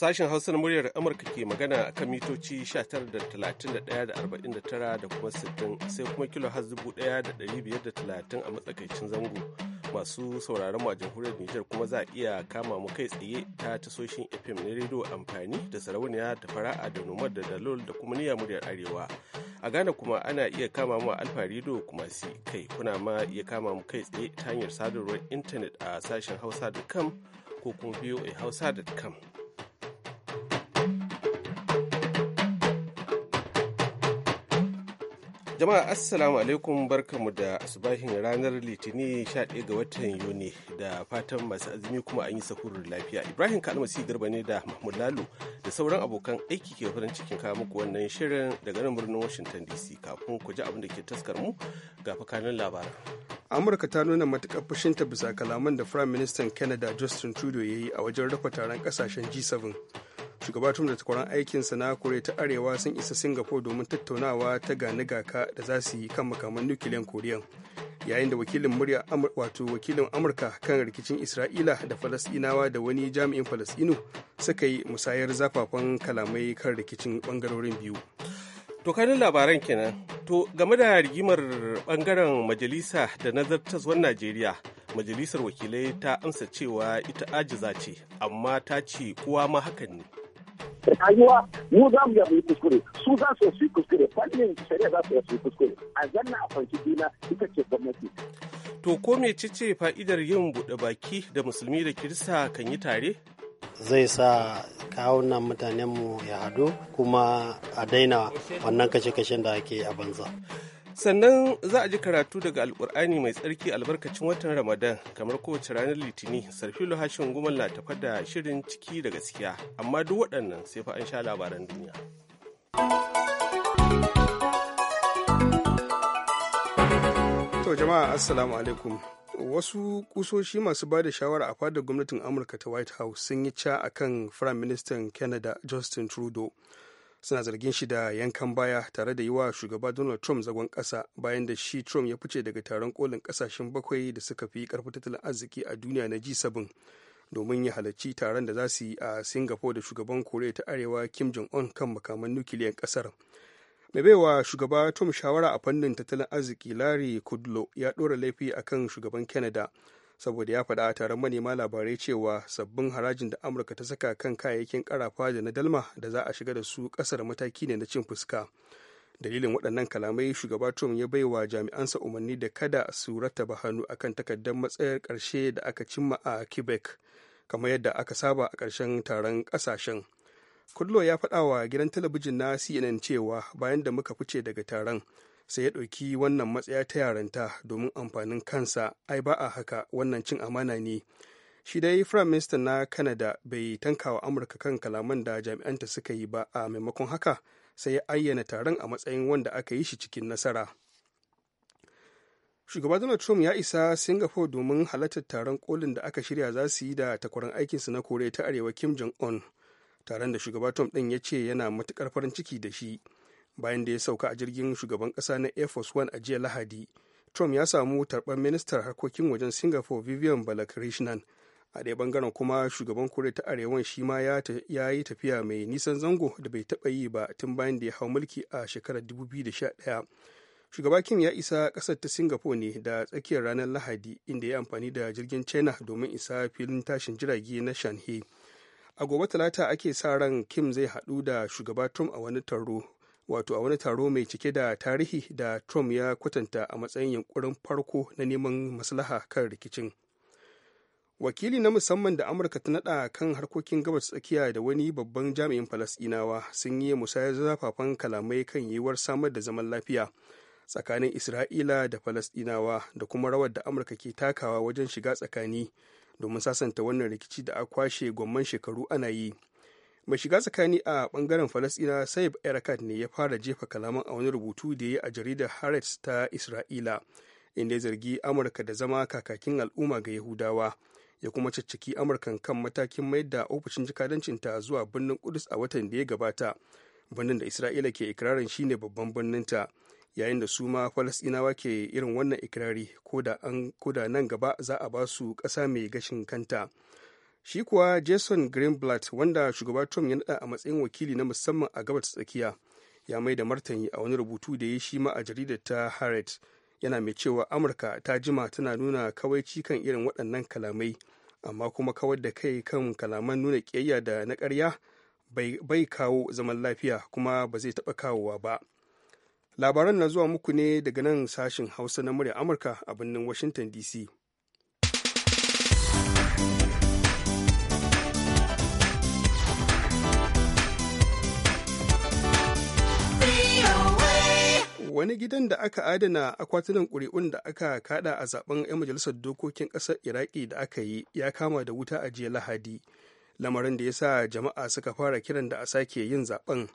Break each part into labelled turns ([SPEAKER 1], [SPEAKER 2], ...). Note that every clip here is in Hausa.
[SPEAKER 1] Sashen Hausa na muryar Amurka ke magana a kan mitoci 19.31.49 da kuma 60 sai kuma kilo har 1,530 a matsakaicin zango. Masu sauraron mu a jamhuriyar Nijar kuma za a iya kama mu kai tsaye ta tasoshin FM na rediyo amfani da sarauniya da fara'a da noma da dalol da kuma niyya muryar Arewa. A Ghana kuma ana iya kama mu a Alfa rediyo kuma si kai kuna ma iya kama mu kai tsaye ta hanyar sadarwar intanet a sashen hausa.com ko kuma Hausa.com. Jama'a Assalamu alaikum barkamu da asubahin ranar Litinin 11 ga watan Yuni da fatan masu azumi kuma an yi sahurin lafiya. Ibrahim Kalmasi Garba ne da Mahmud Lalo da sauran abokan aiki ke farin cikin kawo muku wannan shirin daga nan birnin Washington DC kafin ku ji abin da ke taskar mu ga fakanin labaran.
[SPEAKER 2] Amurka ta nuna matukar fushinta bisa kalaman da Prime Minister Canada Justin Trudeau ya yi a wajen rafa taron kasashen G7. shugaba tun da takwaran aikinsa na kore ta arewa sun isa singapore domin tattaunawa ta gani gaka da za su yi kan makaman nukiliyan koriyan yayin da wakilin murya wato wakilin amurka kan rikicin isra'ila da falasɗinawa da wani jami'in falasɗinu suka yi musayar zafafan
[SPEAKER 1] kalamai kan rikicin bangarorin biyu to kanin labaran kenan to game da rigimar bangaren majalisa da nazartaswar najeriya majalisar wakilai ta amsa cewa ita ajiza ce amma ta ce kowa ma hakan ne
[SPEAKER 3] rayuwa mu za mu yi kuskure su za su yi kuskure fannin shari'a za su yi kuskure a zanna a kwanci juna ita ce gwamnati.
[SPEAKER 1] To ko me ce fa'idar yin buɗe baki da musulmi da kirista kan yi tare? zai sa kawunan mutanenmu ya hadu kuma a daina wannan kashe-kashen da ake a banza. sannan za a ji karatu daga alkur'ani mai tsarki albarkacin watan ramadan kamar kowace ranar litini sarfilo hashin gumal na tafa da shirin ciki da gaskiya amma duk waɗannan sai fa an sha labaran duniya
[SPEAKER 2] to jama'a assalamu alaikum wasu kusoshi masu ba da shawara a fadar gwamnatin amurka ta white house sun yi ca akan firaministan canada justin trudeau suna zargin shi da yankan baya tare da yi wa shugaba donald trump zagon kasa bayan da shi trump ya fice daga taron kolin kasashen bakwai da suka fi karfi tattalin arziki a duniya na g7 domin ya halarci taron da za su yi a singapore da shugaban koriya ta arewa kim jong un kan makaman nukiliyan kasar. mai baiwa shugaba trump shawara a fannin tattalin arziki larry kudlow ya ɗora laifi akan shugaban canada saboda ya faɗa a taron manema labarai cewa sabbin harajin da amurka ta saka kan kayayyakin karafa da na dalma da za a shiga da su ƙasar mataki ne na cin fuska dalilin waɗannan kalamai shugaba trump ya bai wa jami'ansa umarni da kada su rattaba hannu akan takaddar matsayar ƙarshe da aka cimma a quebec kamar yadda aka saba a ƙarshen taron ƙasashen kullo ya faɗa wa gidan talabijin na cnn cewa bayan da muka fice daga taron sai ya ɗauki wannan matsaya ta yaranta domin amfanin kansa ai ba a haka wannan cin amana ne shi dai firayim Minister na canada bai tankawa amurka kan kalaman da jami'anta suka yi ba a maimakon haka sai ya ayyana taron a matsayin wanda aka yi shi cikin nasara shugaba donald trump ya isa singapore domin halartar taron kolin da aka shirya za su yi da takwaran aikinsu na koriya ta arewa kim jong-un taron da shugaba trump ɗin ya ce yana matukar farin ciki da shi bayan da ya sauka a jirgin shugaban kasa na air force one a jiya lahadi trump ya samu tarban ministar harkokin wajen singapore vivian balakrishnan a ɗaya bangaren kuma shugaban kore ta arewan shi ma ya yi tafiya mai nisan zango da bai taɓa yi ba tun bayan da ya hau mulki a shekarar 2011 shugaba kim ya isa ƙasar ta singapore ne da tsakiyar ranar lahadi inda ya amfani da jirgin china domin isa filin tashin jirage na shanhe a gobe talata ake sa ran kim zai haɗu da shugaba trump a wani taro wato a wani taro mai cike da tarihi da trump ya kwatanta a matsayin yankurin farko na neman maslaha kan rikicin wakili na musamman da amurka ta nada kan harkokin gabas tsakiya da wani babban jami'in falasdinawa sun yi musayar zafafan kalamai kan yiwuwar samar da zaman lafiya tsakanin isra'ila da falasdinawa da kuma rawar da amurka ke takawa wajen shiga tsakani domin sasanta wannan rikici da a kwashe gwamman shekaru ana yi mai shiga tsakani a bangaren falasina saib erakat ne ya fara jefa kalaman a wani rubutu da ya yi a jaridar harris ta isra'ila inda ya zargi amurka da zama kakakin al'umma ga yahudawa ya kuma cicciki amurkan kan matakin mayar da ofishin jikadancinta zuwa birnin kudus a watan da ya gabata birnin da isra'ila ke ikirarin shine babban birnin ta yayin da su ma falasinawa ke irin wannan ikirari ko da nan gaba za a ba su kasa mai gashin kanta shi kuwa jason greenblatt wanda shugaba trump ya nada a matsayin wakili na musamman a gabas tsakiya ya mai da martani a wani rubutu da ya shi ma a jaridar ta harrod yana mai cewa amurka ta jima tana nuna kawai kan irin waɗannan kalamai amma kuma kawar da kai kan kalaman nuna ƙiyayya da na ƙarya bai kawo zaman lafiya kuma ba zai taɓa kawowa ba labaran na zuwa muku ne daga nan sashen hausa na murya amurka a birnin washington dc wani gidan da aka adana akwatunan ƙuri'un da aka kada a zaben 'yan majalisar dokokin ƙasar iraki da aka yi ya kama da wuta a jiya lahadi lamarin da ya sa jama'a suka fara kiran da a sake yin zaben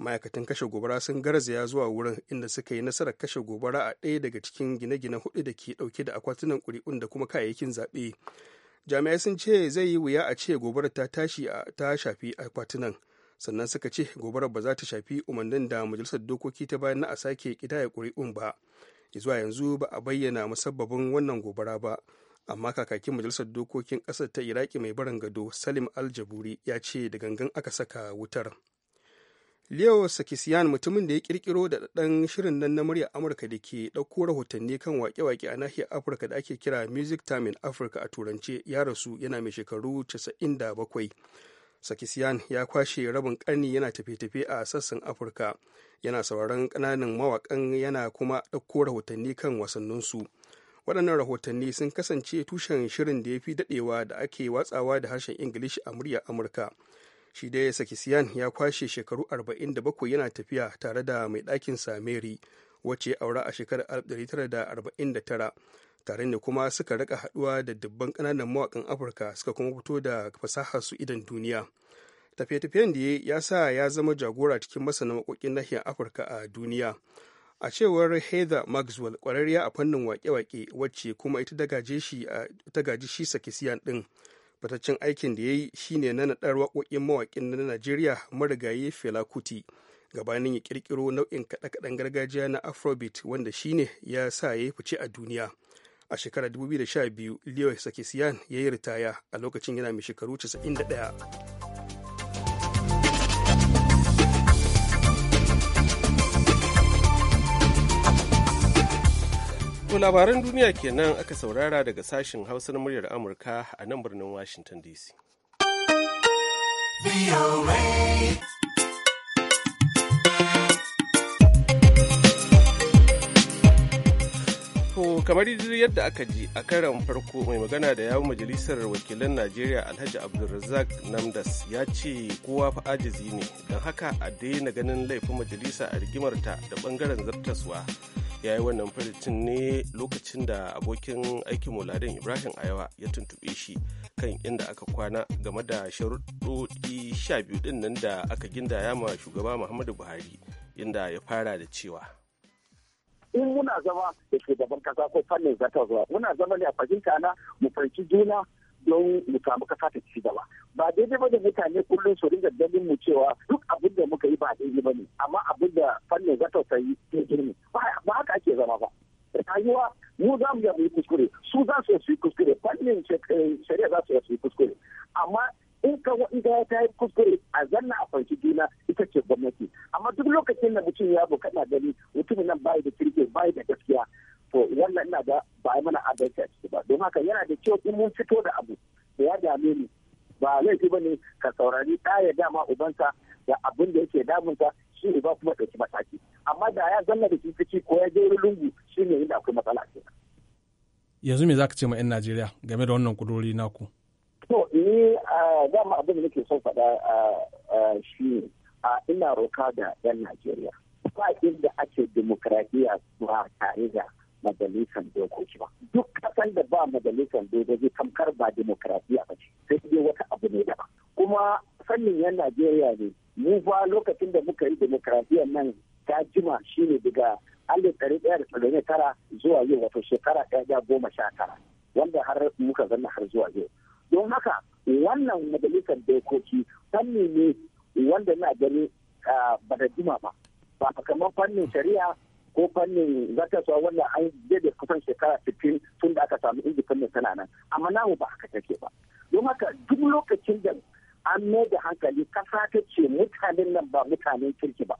[SPEAKER 2] ma'aikatan kashe gobara sun garzaya zuwa wurin inda suka yi nasarar kashe gobara a ɗaya daga cikin gine-gine hudu da ke ɗauke da akwatunan ƙuri'un da kuma kayayyakin zaɓe jami'ai sun ce zai yi wuya a ce gobarar ta tashi ta shafi akwatunan sannan suka ce gobara ba za ta shafi umarnin da majalisar dokoki ta bayan na a sake ya kuri'un ba zuwa yanzu ba a bayyana musabbabin wannan gobara ba amma kakakin majalisar dokokin ƙasar ta iraki mai barin gado salim aljaburi ya ce da gangan aka saka wutar leo sakisiyan mutumin da ya kirkiro da ɗan shirin nan na murya amurka da ke ɗauko rahotanni kan wake-wake a nahiyar afirka da ake kira music time in africa a turance ya rasu yana mai shekaru 97 sakisiyan ya kwashe rabin karni yana tafiye-tafiye a sassan afirka yana sauraron ƙananan mawaƙan yana kuma ɗauko rahotanni kan wasanninsu waɗannan rahotanni sun kasance tushen shirin da ya fi daɗewa da ake watsawa da harshen ingilishi a murya amurka shi dai sakisiyan ya kwashe shekaru 47 yana tafiya tare da mai ɗakin sameri wacce aura a shekarar 1949 tare ne kuma suka rika haduwa da dubban kananan mawakan afirka suka kuma fito da fasaha su idan duniya tafiye-tafiyen da ya sa ya zama jagora cikin masana makokin nahiyar afirka a duniya a cewar heather maxwell kwararriya a fannin wake-wake wacce kuma ita ta gaji shi sakisiyan din fitaccen aikin da ya yi shine na nadar wakokin mawakin na najeriya marigayi fela kuti gabanin ya kirkiro nau'in kaɗe-kaɗen gargajiya na afrobeat wanda shine ya sa ya yi fice a duniya a shekarar 2012 leo sakisiyan ya yi ritaya a lokacin yana mai shekaru 91
[SPEAKER 1] To labaran duniya kenan aka saurara daga sashen hausa na muryar amurka a nan birnin washington dc. To kamar yadda aka ji a karan farko mai magana da yawun majalisar wakilan Najeriya Alhaji Abdulrazak Namdas ya ce kowa fa ajizi ne don haka a daina ganin laifin majalisa a rigimarta da bangaren zartaswa. Ya yi wannan farcin ne lokacin da abokin aikin muladin Ibrahim Ayawa ya tuntube shi kan inda aka kwana game da sharuɗoɗi sha biyu ɗin nan da aka gindaya ma shugaba Muhammadu Buhari inda ya fara da cewa.
[SPEAKER 3] in muna zama da shugaban kasa ko fannin zuwa muna zama ne a fahimta na mu fahimci juna don mu samu kasa ta ci gaba ba daidai ba da mutane kullum su ringa ganin mu cewa duk abin da muka yi ba daidai ba ne amma abin da fannin zata ta yi daidai ne ba haka ake zama ba rayuwa mu za mu yi kuskure su za su yi kuskure fannin shari'a za su yi kuskure amma in ka wanda ta yi kuskure a zanna a kwanci juna ita ce gwamnati amma duk lokacin da mutum ya bu kana gani mutumin nan bai da kirke bai da gaskiya to wannan ina da ba a mana adalci a ciki ba don haka yana da kyau in mun fito da abu da ya dame ni ba laifi ba ne ka saurari ɗaya dama ubansa da abin da yake damunsa shi uba kuma ɗauki mataki amma da ya zanna da kifici ko ya je lungu shi ne inda akwai matsala ke
[SPEAKER 1] yanzu me zaka ce ma 'yan najeriya game da wannan kudurori naku
[SPEAKER 3] To ni dama abin da nake son faɗa shi ne ina roka da 'yan Najeriya. Ba inda ake demokradiyya a tare da majalisar dokoki ba. Duk kasan da ba majalisar dokoki tamkar ba demokradiyya ba ce. Sai dai wata abu ne da Kuma fannin 'yan Najeriya ne. Mu ba lokacin da muka yi demokradiyyar nan ta jima shine daga alif ɗari ɗaya da tsaron tara zuwa yau wato shekara ɗaya goma sha tara. Wanda har muka zanna har zuwa yau. don haka wannan majalisar dokoki fanni ne wanda na gani ba da jima ba ba kamar fannin shari'a ko fannin zartaswa wannan an je da kusan shekara 60 tun da aka samu fannin tana nan amma namu ba haka take ba don haka duk lokacin da an mai da hankali kasa ta ce mutanen nan ba mutanen kirki ba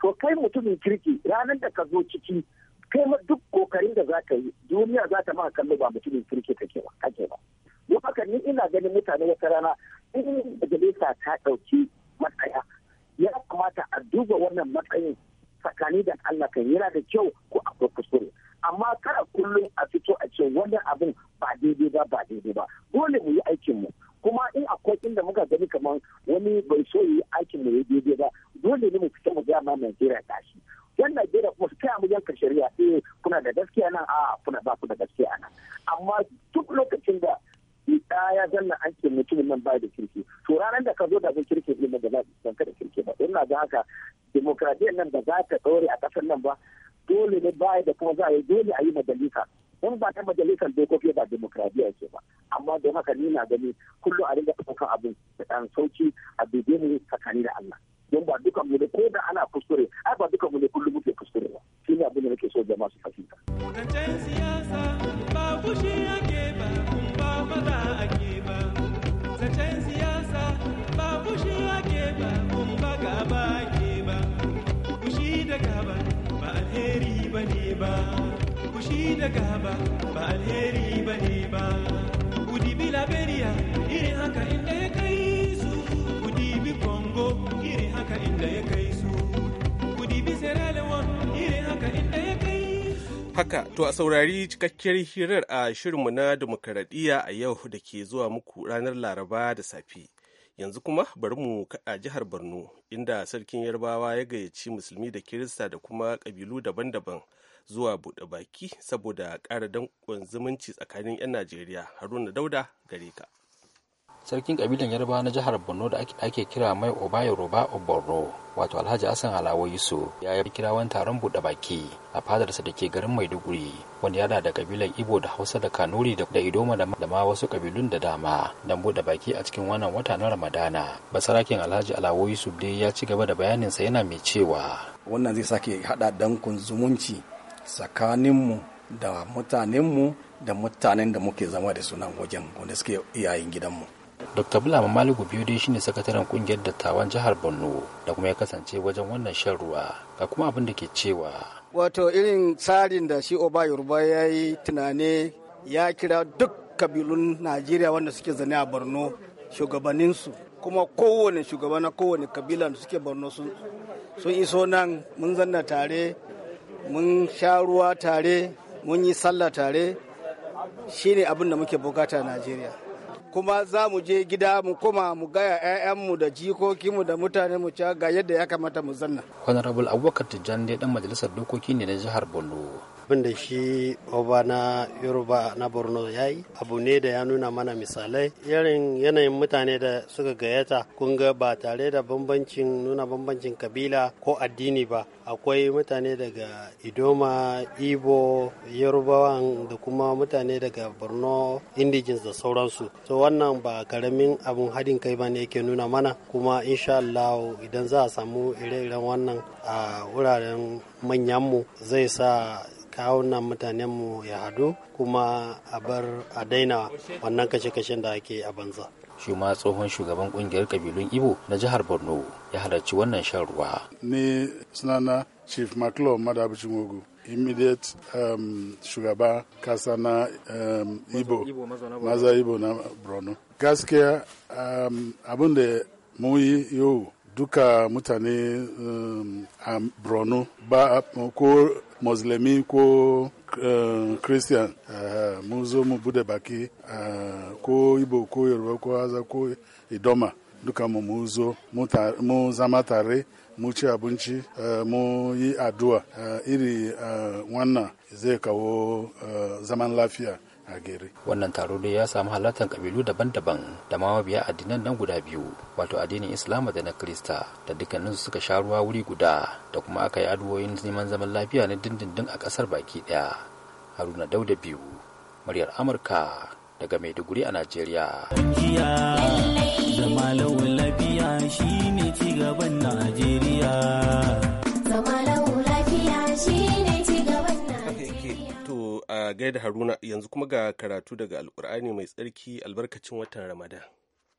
[SPEAKER 3] to kai mutumin kirki ranar da ka zo ciki kai ma duk kokarin da za ka yi duniya za ta ma kallo ba mutumin kirki kake ba don haka ni ina ganin mutane wata rana in majalisa ta ɗauki matsaya ya kamata a duba wannan matsayin tsakani da Allah kan yana da kyau ko akwai kuskure amma kada kullum a fito a ce wannan abin ba daidai ba ba daidai ba dole mu yi aikin mu kuma in akwai inda muka gani kamar wani bai so yi aikin mu ya daidai ba dole ne mu fita mu ga ma Najeriya tashi yan Najeriya kuma su mu yanka shari'a eh kuna da gaskiya nan a kuna ba ku da gaskiya nan amma duk lokacin da da ya zanna an ce mutumin nan bai da kirki to ranar da ka zo da abin kirki ne da za ka kada kirki ba ina ga haka demokradiyyar nan da za ta ɗore a ƙasar nan ba dole ne baya da kuma za a yi dole a yi majalisa in ba ta majalisar dokoki ba demokradiyya ce ba amma don haka ni na gani kullum a dinga ɗaukar abin da ɗan sauki a bege mu tsakani da Allah don ba dukan mu ne ko da ana kuskure ai ba dukan mu ne kullum muke kuskure ba shi ne abin da nake so jama'a su fahimta.
[SPEAKER 1] siyasa ba fushi da gaba ba alheri ba ne ba kudi bi liberia iri haka inda ya kai su kudi bi congo iri haka inda ya kai su kudi bi sierra leone iri haka inda ya kai Haka, to a saurari cikakkiyar hirar a shirinmu na demokaradiyya a yau da ke zuwa muku ranar Laraba da safe. Yanzu kuma bari mu kaɗa jihar Borno, inda sarkin Yarbawa ya gayyaci musulmi da Kirista da kuma ƙabilu daban-daban zuwa buɗe baki saboda ƙara danƙon zumunci tsakanin 'yan najeriya haruna dauda gare ka
[SPEAKER 4] sarkin kabilan yarbawa na jihar borno da ake kira mai oba yoruba oboro wato alhaji hassan alawo Yusu ya yi kira wani taron buɗe baki a fadarsa da ke garin maiduguri wanda yana da kabilan ibo da hausa da kanuri da idoma da ma wasu kabilun da dama don buɗe baki a cikin wannan wata na ramadana basarakin alhaji alawo yusuf dai ya ci gaba da bayaninsa yana mai cewa wannan zai sake haɗa dankun zumunci tsakaninmu da mutanenmu da mutanen da muke zama da sunan wajen wanda suke iyayen gidanmu. Dr. Bulama Maligu biyu dai shine sakataren kungiyar dattawan jihar Borno da kuma ya kasance wajen wannan shan ruwa ga kuma abin da ke cewa. Wato irin tsarin da shi Oba Yoruba ya yi tunane ya kira duk kabilun Najeriya wanda suke zane a Borno shugabanninsu kuma kowane shugaba na kowane kabila da suke Borno sun iso nan mun zanna tare mun sha ruwa tare mun yi sallah tare shine abin da muke bukata najeriya kuma za mu je gida mu koma mu gaya 'ya'yanmu da jikokinmu da mutane mu ga yadda ya kamata mu zanna honorable abubakar tijjani dan majalisar dokoki ne na jihar borno wanda shi oba na yoruba na borno ya yi abu ne da ya nuna mana misalai irin yanayin mutane da suka gayyata kun ga ba tare da bambancin nuna bambancin kabila ko addini ba akwai mutane daga idoma ibo yorubawan da kuma mutane daga borno indigens da sauransu to wannan ba karamin abun haɗin kai ba ne yake nuna mana kuma insha Allah idan za a samu ire-iren wannan a wuraren manyanmu zai sa kawunan mu ya hadu kuma a bar a daina wannan kashe-kashen da ake a banza. shi tsohon shugaban kungiyar kabilun ibo na jihar borno ya halarci wannan shan ruwa ni sunana chief maklo madabicin ogu immediate um, shugaba kasa na um, ibo maza ibo na borno gaskiya um, abin da mu yi yau duka mutane um, a borno ba ko musulmi ko uh, christian uh, zo mu bude baki uh, ko ibo ko yoruba ko haza ko idoma duka mu mu zo mu zama tare mu ci abinci eh, mu yi addu'a iri wannan zai kawo zaman lafiya Wannan taro ne ya samu halartar kabilu daban-daban da ma mabiya addinan nan guda biyu, wato addinin Islam da na Kirista, da su suka sha ruwa wuri guda, da kuma aka yi addu'o'in neman zaman lafiya na dindindin a kasar baki daya Haruna Dauda biyu, muryar Amurka daga Maiduguri a Najeriya.
[SPEAKER 1] gai gaida haruna yanzu kuma ga karatu daga alkur'ani mai tsarki albarkacin watan ramadan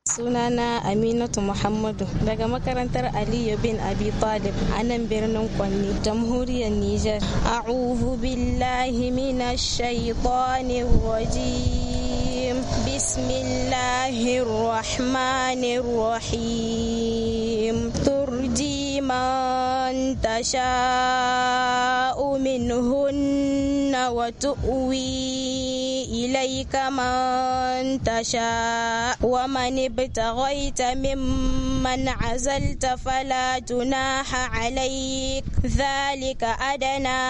[SPEAKER 5] sunana aminatu muhammadu daga makarantar aliyu bin abi talib a nan birnin kwanne jamhuriyar niger a'udhu billahi minash shaitanir rajim bismillahir rahmanir rahim turji man tasha'u وتؤوي إليك من تشاء ومن ابتغيت ممن عزلت فلا جناح عليك ذلك أدنى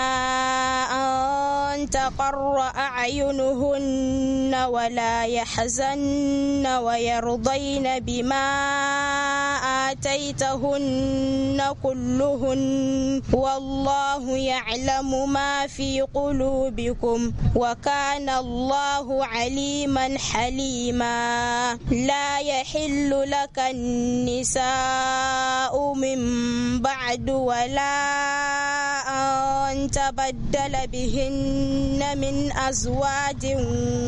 [SPEAKER 5] أن تقر أعينهن ولا يحزن ويرضين بما آتيتهن كلهن والله يعلم ما في قلوبكم وكان الله الله عليما حليما لا يحل لك النساء من بعد ولا أن تبدل بهن من أزواج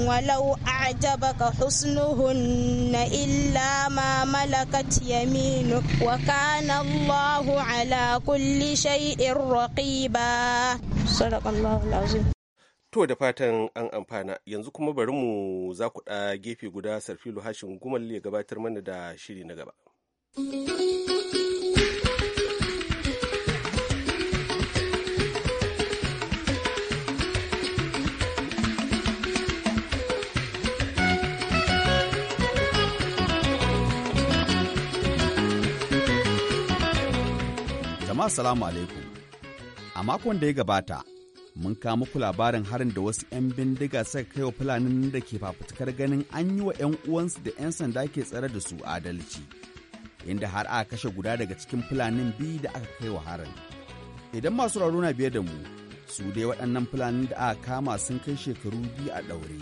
[SPEAKER 5] ولو أعجبك حسنهن إلا ما ملكت يمينك وكان الله على كل شيء رقيبا صدق الله العظيم
[SPEAKER 1] To da fatan an amfana yanzu kuma bari mu za ku ɗa gefe guda sarfilu hashin gumal ya gabatar mana da shiri na gaba.
[SPEAKER 6] Jama'a salamu alaikum. A makon da ya gabata mun kama muku labarin harin da wasu 'yan bindiga suka kai wa fulanin da ke fafutukar ganin an yi wa 'yan uwansu da 'yan sanda ke tsare da su adalci inda har aka kashe guda daga cikin fulanin biyu da aka kai wa harin idan masu raro na biye da mu su dai waɗannan fulanin da aka kama sun kai shekaru biyu a ɗaure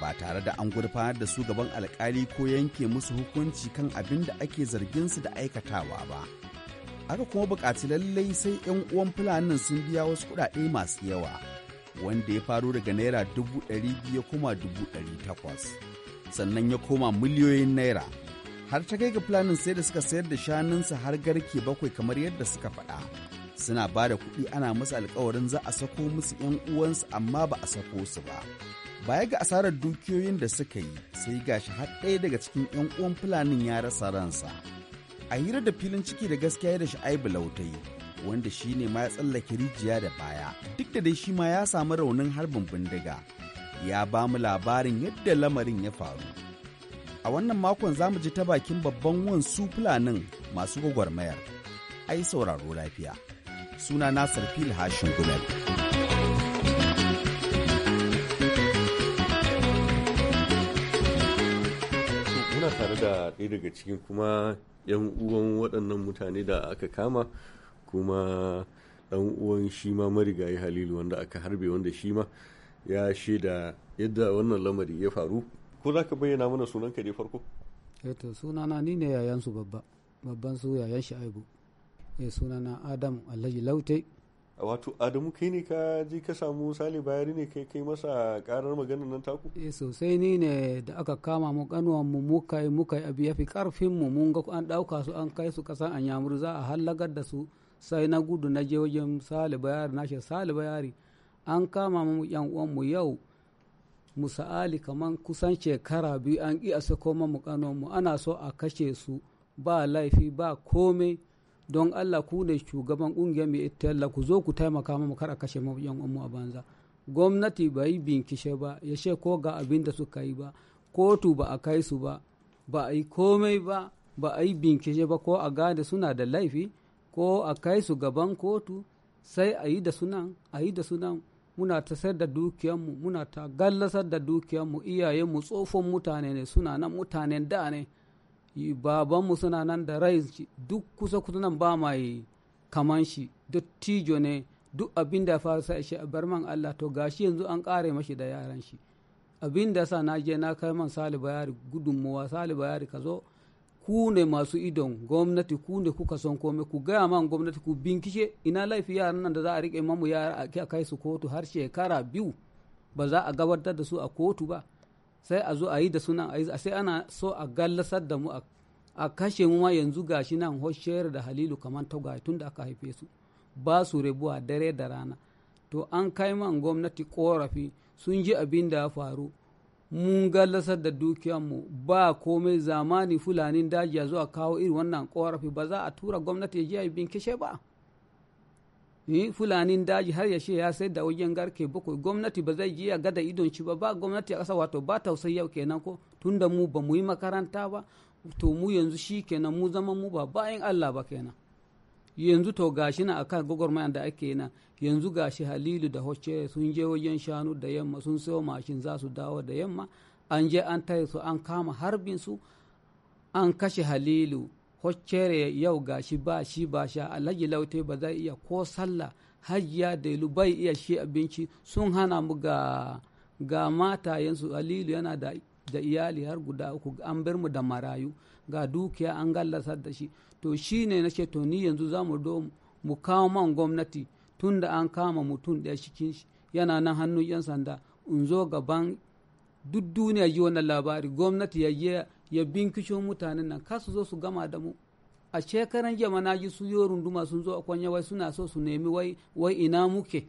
[SPEAKER 6] ba tare da an gurfanar da su gaban alƙali ko yanke musu hukunci kan abin da ake zargin su da aikatawa ba aka kuma buƙaci lallai sai 'yan uwan fulanin sun biya wasu kuɗaɗe masu yawa wanda ya faro daga naira dubu ɗari biyu kuma dubu ɗari takwas sannan ya koma miliyoyin naira har ta kai ga fulanin sai da suka sayar da shanunsa har garke bakwai kamar yadda suka faɗa suna ba da kuɗi ana musu alkawarin za a sako musu 'yan uwansu amma ba a sako su ba baya ga asarar dukiyoyin da suka yi sai gashi har ɗaya daga cikin 'yan uwan fulanin ya rasa ransa a hira da filin ciki da gaskiya da sha'aibu lautai wanda shi ne ma ya tsallake rijiya da baya duk da dai shi ma ya samu raunin harbin bindiga ya ba mu labarin yadda lamarin ya faru a wannan makon za mu ji ta bakin babban Wansu fulanin masu gwagwarmayar ai sauraro lafiya suna nasir fil hashin gumel.
[SPEAKER 7] da ɗaya daga cikin kuma 'yan uwan waɗannan mutane da aka kama kuma ɗan uwan shi ma marigayi halilu wanda aka harbe wanda shi ma ya shaida yadda wannan lamari ya faru ko za ka bayyana mana sunanka ne farko
[SPEAKER 8] eto eh sunana ni ne yayansu babba babban su yayan shi aibu eh sunana adam alhaji lautai.
[SPEAKER 7] wato adamu kai ne ka ji ka samu sali bayari ne kai kai masa karar maganar nan taku eh
[SPEAKER 8] sosai ni ne da aka kama mu kanuwan mu muka yi muka yi abu yafi karfin mu mun ga an dauka su an kai su kasan yamur za a hallagar da su sai na gudu na je wajen sali bayari na shi sali bayari an kama mu yan uwan mu yau musa'ali kaman kusan shekara biyu an ki a sako mu kanuwan mu ana so a kashe su ba laifi ba komai don allah ku ne shugaban kungiyar mai itala ku zo ku taimaka mu kar a kashe yan umu a banza gwamnati ba yi binkishe ba ya she ko ga abin da suka yi ba kotu ba a kai su ba ba a yi komai ba ba a yi binkishe ba ko a gane suna da laifi ko a kai su gaban kotu sai a yi da sunan a yi da sunan muna ta sayar da dukiyanmu muna ta gallasar da dukiyanmu iyayenmu tsofon mutane ne suna nan mutanen da ne babanmu suna nan da rai duk kusa kusa nan ba ma yi kaman shi dattijo ne duk abin da faru sa shi a barman Allah to gashi yanzu an kare mashi da yaran shi abin da sa na je na kai man Sali Bayari gudunmuwa Sali Bayari ka zo ku ne masu idon gwamnati ku ne kuka son kome ku gaya man gwamnati ku binkishe ina laifi yaran nan da za a riƙe mamu yara a kai su kotu har shekara biyu ba za a gabatar da su a kotu ba sai a zo a yi da sunan a yi sai ana so a gallasar da mu a kashe mu ma yanzu gashi nan hoshiyar da halilu kamar tagwaye tun da aka haife su ba su rabuwa dare da rana to an kai man gwamnati korafi sun ji abin da ya faru mun gallasar da mu ba komai zamani fulanin daji a zuwa kawo irin wannan korafi ba za a tura gwamnati ya je bin kishe ba fulanin daji har ya ya sai da wajen garke bakwai gwamnati ba zai je ya gada idon shi ba ba gwamnati a ƙasa wato ba tausayi yau kenan ko tunda mu ba mu yi makaranta ba to mu yanzu shi kenan mu zama mu ba bayan Allah ba kenan yanzu to gashi na akan gwagwarmayan da ake na yanzu gashi Halilu da hoce sun je wajen shanu da yamma sun sayo mashin za su dawo da yamma an je an tare su an kama harbin su an kashe Halilu kwaccere yau gashi ba shi ba sha alhaji laute ba zai iya ko sallah hajiya delu bai iya shi abinci sun hana mu ga ga matayensu alilu yana da da iyali har guda uku an bar mu da marayu ga dukiya an gallasa da shi to shi ne na to ni yanzu za mu do mu kawo man gwamnati tun da an kama mutum ɗaya cikin shi yana nan hannun yan sanda in zo gaban duk duniya yi wannan labari gwamnati ya ya binkisho mutanen nan kasu zo su gama da mu a shekaran jama na ji su yo runduma sun zo a kwanya wai suna so su nemi wai wai ina muke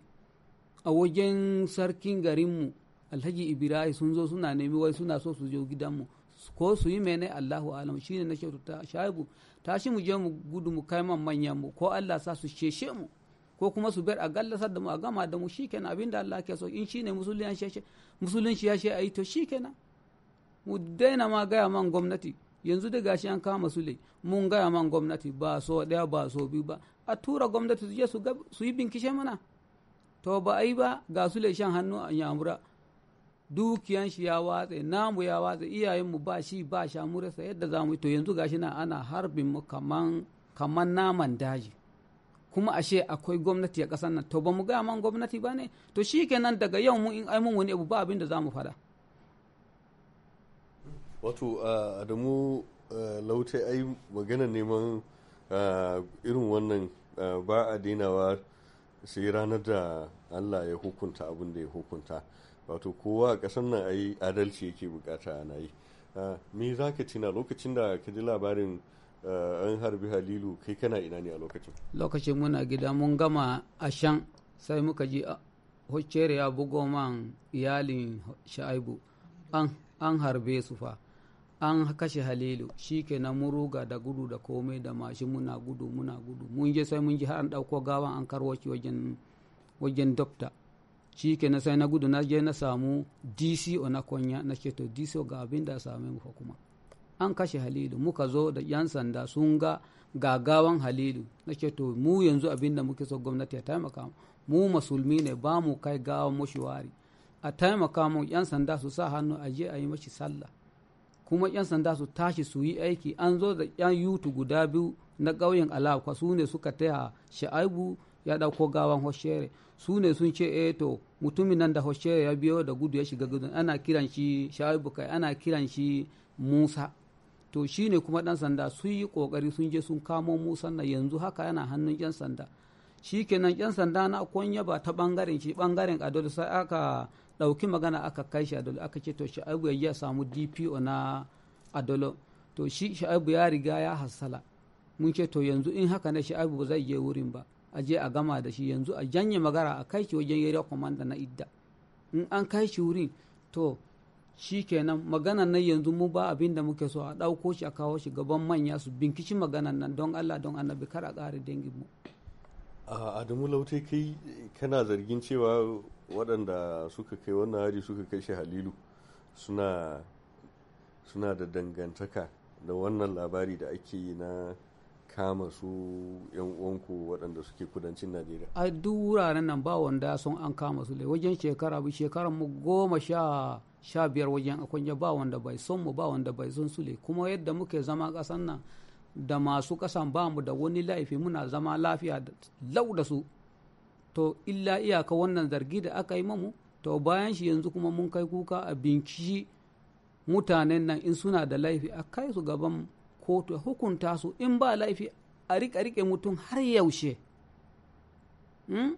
[SPEAKER 8] a wajen sarkin garinmu alhaji ibrahim sun zo suna nemi wai suna so su je gidanmu ko su yi mene allahu alam shine na ta shaibu tashi mu je mu gudu mu kai man manyan mu ko allah sa su sheshe mu ko kuma su bar a gallasar da mu a gama da mu shikenan abinda allah ke so in shine musulunci ya shi a yi to shikenan mu daina ma gaya man gwamnati yanzu da gashi an kama su lai mun gaya man gwamnati ba so daya ba so biyu ba a tura gwamnati su je su yi binkishe mana to ba a yi ba ga su lai shan hannu a yamura dukiyan shi ya watsa, namu ya watsa, iyayen mu ba shi ba sha mu rasa yadda za mu yi to yanzu gashi na ana harbin mu kaman kaman naman daji kuma ashe akwai gwamnati a ƙasar nan to ba mu gaya man gwamnati ba ne to shi kenan daga yau mu in ai mun wani abu ba abin da za mu faɗa
[SPEAKER 7] wato adamu laute ai magana neman irin wannan ba a dainawa sai ranar da allah ya hukunta abin da ya hukunta wato kowa a ƙasar nan ai adalci yake bukata na yi me za ka tina lokacin da ka ji labarin an harbi halilu kai kana ina ne a lokacin
[SPEAKER 8] lokacin muna gida mun gama a shan sai muka ji hoccere ya bugo man iyalin sha'aibu an harbe su fa an kashe halilu shi ke na muruga da gudu da komai da mashi muna gudu muna gudu mun je sai mun ji har an ɗauko gawan an karwaci wajen wajen dokta shi na sai na gudu na je na samu dco na konya na ce to dco ga abin da same mu fa kuma an kashe halilu muka zo da yan sanda sun ga gagawan halilu na ce to mu yanzu abin da muke so gwamnati ya taimaka mu musulmi ne ba mu kai gawan wari a taimaka mu yan sanda su sa hannu a je a yi mashi sallah kuma 'yan sanda su tashi su yi aiki an zo da 'yan yutu guda biyu na ƙauyen alaƙa su ne suka taya sha'aibu ya ɗauko gawan hoshere su ne sun ce eh to mutumin nan da hoshere ya biyo da gudu ya shiga gudun ana kiran shi sha'aibu kai ana kiran shi musa to shi ne kuma ɗan sanda sun yi ƙoƙari sun je sun kamo musa na yanzu haka yana hannun 'yan sanda shi kenan 'yan sanda na kunya ba ta ɓangaren shi ɓangaren ado da sai aka ɗauki magana aka kai shi adalo aka ce to sha'abu ya samu dpo na adalo to shi sha'abu ya riga ya hasala mun ce to yanzu in haka ne sha'abu ba zai je wurin ba a je a gama da shi yanzu a janye magana a kai shi wajen yare komanda na idda in an kai shi wurin to shi kenan magana na yanzu mu ba abin da muke so a ɗauko shi a kawo shi gaban manya su binkici magana nan don allah don annabi kar a ƙare dangin mu
[SPEAKER 7] adamu laute kai kana zargin cewa waɗanda suka kai wannan hari suka kai shi halilu suna da dangantaka da wannan labari da ake yi na kama su yan uwanku waɗanda suke kudancin najeriya
[SPEAKER 8] a duk wuraren nan ba wanda sun an kama su wajen shekara bi shekaran mu goma sha sha biyar wajen akwai ba wanda bai son mu ba wanda bai son su kuma yadda muke zama kasan nan da masu ƙasan ba mu da wani laifi muna zama lafiya lau da su to illa iyaka wannan zargi da aka yi mamu to bayan shi yanzu kuma mun kai kuka a binciki mutanen nan in suna da laifi a kai su gaban kotu a hukunta su in ba laifi a rika rike mutum har yaushe hmm?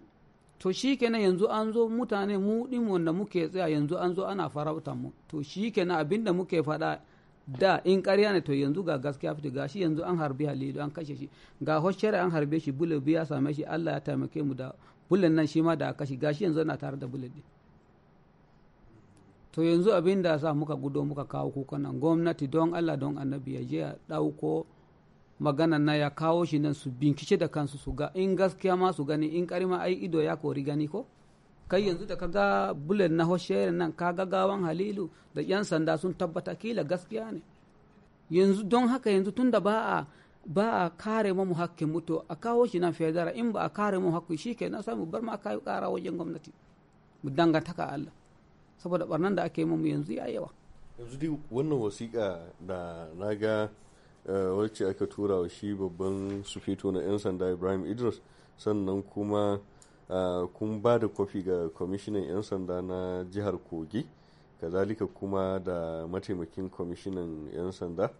[SPEAKER 8] to shi kenan yanzu an zo mutane mu din wanda muke tsaya yanzu an zo ana farautar mu to shi kenan abin da muke faɗa da in ƙarya ne to yanzu ga gaskiya fito gashi yanzu an harbi halilu an kashe shi ga hoshare an harbe shi bulabu ya same shi Allah ya taimake mu da bullet nan shi ma da kashi gashi yanzu na tare da bullet din to yanzu abin da sa muka gudo muka kawo kukan nan gwamnati don allah don annabi ya je ya ɗauko magana na ya kawo shi nan su bincike da kansu su ga in gaskiya ma su gani in karima ai ido ya kori gani ko kai yanzu da kaga bullet na hoshe nan ka ga gawan halilu da yan sanda sun tabbata kila gaskiya ne yanzu don haka yanzu tunda ba a ba a kare mamu hakkin mutu a kawo shi nan federa in ba a kare mu hakkin shi ke nan samu mu bar ma ka yi kara wajen gwamnati mu dangantaka Allah saboda barnan da ake mu yanzu ya yawa
[SPEAKER 7] yanzu dai wannan wasiƙa da na ga eh, wacce aka tura wa shi babban sufeto na 'yan sanda ibrahim idris sannan kuma eh, kun ba da kwafi ga kwamishinan 'yan sanda na jihar kogi kazalika kuma da mataimakin kwamishinan 'yan sanda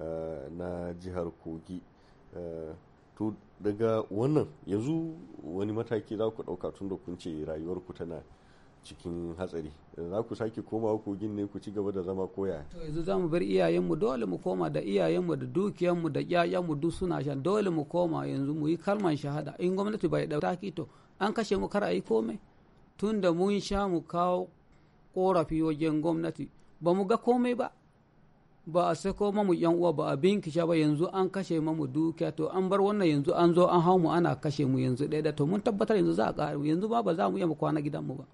[SPEAKER 7] Eh, na jihar kogi eh, to daga wannan yanzu wani mataki za ku ɗauka tun da kun ce rayuwarku tana cikin hatsari za ku sake komawa kogin ne ku ci gaba da zama koya to
[SPEAKER 8] yanzu za mu bar iyayenmu dole mu koma da iyayenmu da dukiyanmu da ƴaƴanmu duk suna shan dole mu koma yanzu mu yi kalman shahada in gwamnati bai dauka to an kashe mu kar a yi komai tun da mun sha mu kawo korafi wajen gwamnati ba mu ga komai ba ba a sako mamu yan uwa ba a binkisha ba yanzu an kashe mamu dukiya to an bar wannan yanzu an zo an hau mu ana kashe mu yanzu ɗaya da to mun tabbatar yanzu za a ƙara yanzu ba ba za mu iya mu kwana mu ba.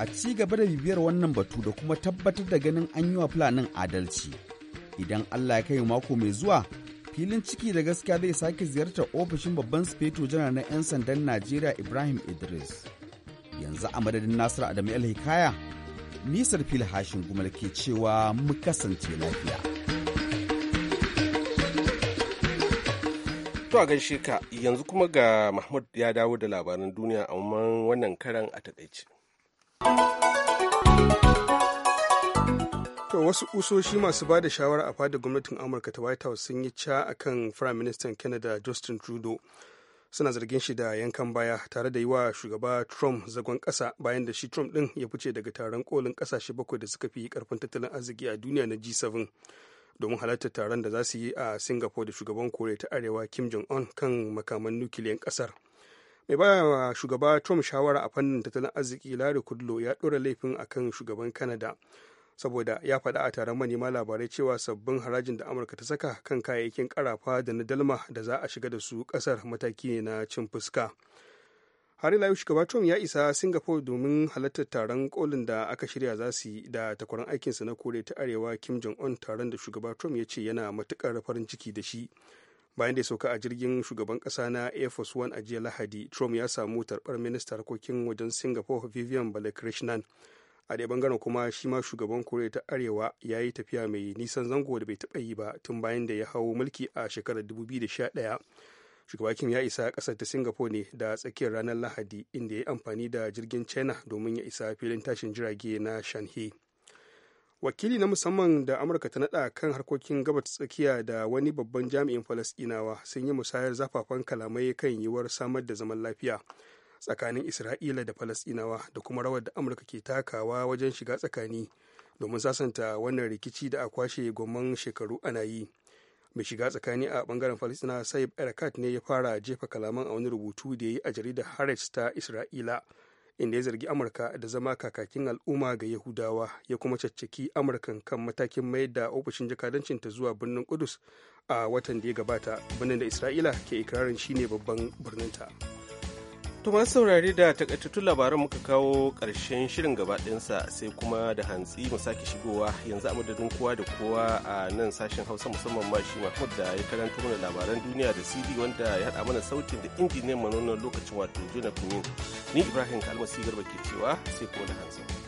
[SPEAKER 6] a ci gaba da bibiyar wannan batu da kuma tabbatar da ganin an yi wa fulanin adalci idan allah ya kai mako mai zuwa filin ciki da gaskiya zai sake ziyartar ofishin babban sufeto janar na 'yan sandan najeriya ibrahim idris yanzu a madadin nasiru adamu el nisar fili hashin gumal ke cewa mu kasance lafiya
[SPEAKER 1] to a gaishe ka yanzu kuma ga mahmud ya dawo da labaran duniya amma wannan karan a takaici
[SPEAKER 2] To wasu usoshi masu ba da shawara a fadar gwamnatin Amurka ta White House sun yi ca akan Prime Minister Canada Justin Trudeau suna zargin shi da yankan baya tare da yi wa shugaba trump zagon kasa bayan da shi trump din ya fice daga taron kolin kasashe bakwai da suka fi karfin tattalin arziki a duniya na g7 domin halartar taron da za su yi a singapore da shugaban koriya ta arewa kim jong un kan makaman nukiliyan kasar mai baya wa shugaba trump shawara a fannin tattalin arziki larry kudlow ya ɗora laifin akan shugaban canada saboda ya faɗa a taron manema labarai cewa sabbin harajin da amurka ta saka kan kayayyakin karafa da na dalma da za a shiga da su ƙasar mataki ne na cin fuska har ila shugaba trump ya isa singapore domin halartar taron kolin da aka shirya za su yi da takwaran aikinsa na kore ta arewa kim jong un taron da shugaba trump ya ce yana matukar farin ciki da shi bayan da ya sauka a jirgin shugaban kasa na air force one a jiya lahadi trump ya samu tarbar minista harkokin wajen singapore vivian balakrishnan a ɗaya bangaren kuma shi ma shugaban koriya ta arewa ya yi tafiya mai nisan zango da bai taɓa yi ba tun bayan da ya hau mulki a shekarar 2011 shugaba kim ya isa kasar ta singapore ne da tsakiyar ranar lahadi inda ya yi amfani da jirgin china domin ya isa filin tashin jirage na shanhe wakili na musamman da amurka ta nada kan harkokin gabas tsakiya da wani babban jami'in falasɗinawa sun yi musayar zafafan kalamai kan yiwuwar samar da zaman lafiya tsakanin isra'ila da falasɗinawa da kuma rawar da amurka ke takawa wajen shiga tsakani domin sasanta wannan rikici da a kwashe gwamman shekaru ana yi mai shiga tsakani a bangaren Falasdinawa saib erakat ne ya fara jefa kalaman a wani rubutu da ya yi a jaridar harris ta isra'ila inda ya zargi amurka da zama kakakin al'umma ga yahudawa ya kuma caccaki amurkan kan matakin mayar da ofishin jakadancinta zuwa birnin kudus a watan da ya gabata birnin da isra'ila ke ikirarin shine babban birninta. ta
[SPEAKER 1] Tuma saurari da takaitattun labaran muka kawo ƙarshen shirin gabaɗinsa sai kuma da hantsi mu sake shigowa yanzu a madadin kowa da kowa a nan sashen Hausa musamman ma shi Mahmud da ya karanta mana labaran duniya da CD wanda ya haɗa mana sautin da injiniyan manonan lokacin wato Jonathan Ni Ibrahim Kalmasi Garba ke cewa sai kuma da hantsi.